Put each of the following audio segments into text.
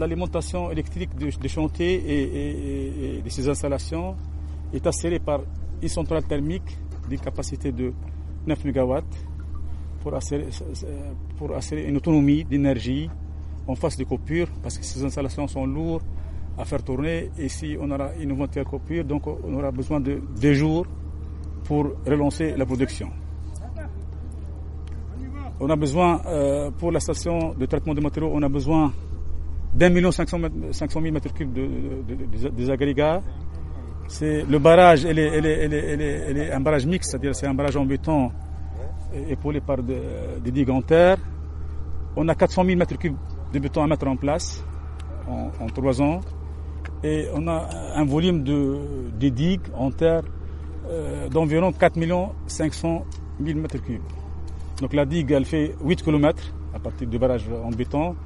l'alimentation électrique des de chantier et, de ces installations est assurée par une centrale thermique d'une capacité de 9 MW pour assurer, une autonomie d'énergie en face de coupures parce que ces installations sont lourdes à faire tourner et si on aura une à coupure, donc on aura besoin de deux jours pour relancer la production. On a besoin, euh, pour la station de traitement de matériaux, on a besoin d'un million cinq cent mille mètres cubes de, des agrégats. C'est le barrage, elle est, est, est, est un barrage mixte, c'est-à-dire c'est un barrage en béton épaulé par des digues en terre. On a 400 000 mètres cubes de béton à mettre en place en, trois ans. Et on a un volume de, des digues en terre euh, d'environ 4 500 mille mètres cubes. Donc la digue, elle fait 8 km à partir du barrage en béton.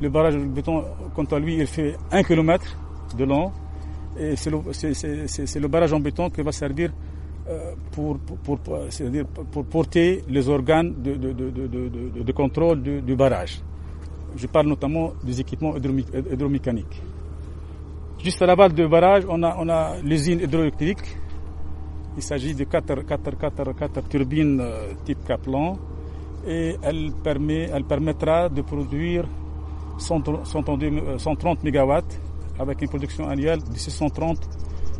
Le barrage en béton, quant à lui, il fait 1 km de long. Et c'est le, barrage en béton qui va servir euh, pour, porter les organes de, contrôle du, barrage. Je parle notamment des équipements hydromécaniques. Juste à la base du barrage, on a, l'usine hydroélectrique. Il s'agit de 4, 4, turbines euh, type Kaplan et elle, permet, elle permettra de produire 130 euh, MW avec une production annuelle de 630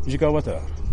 GWh.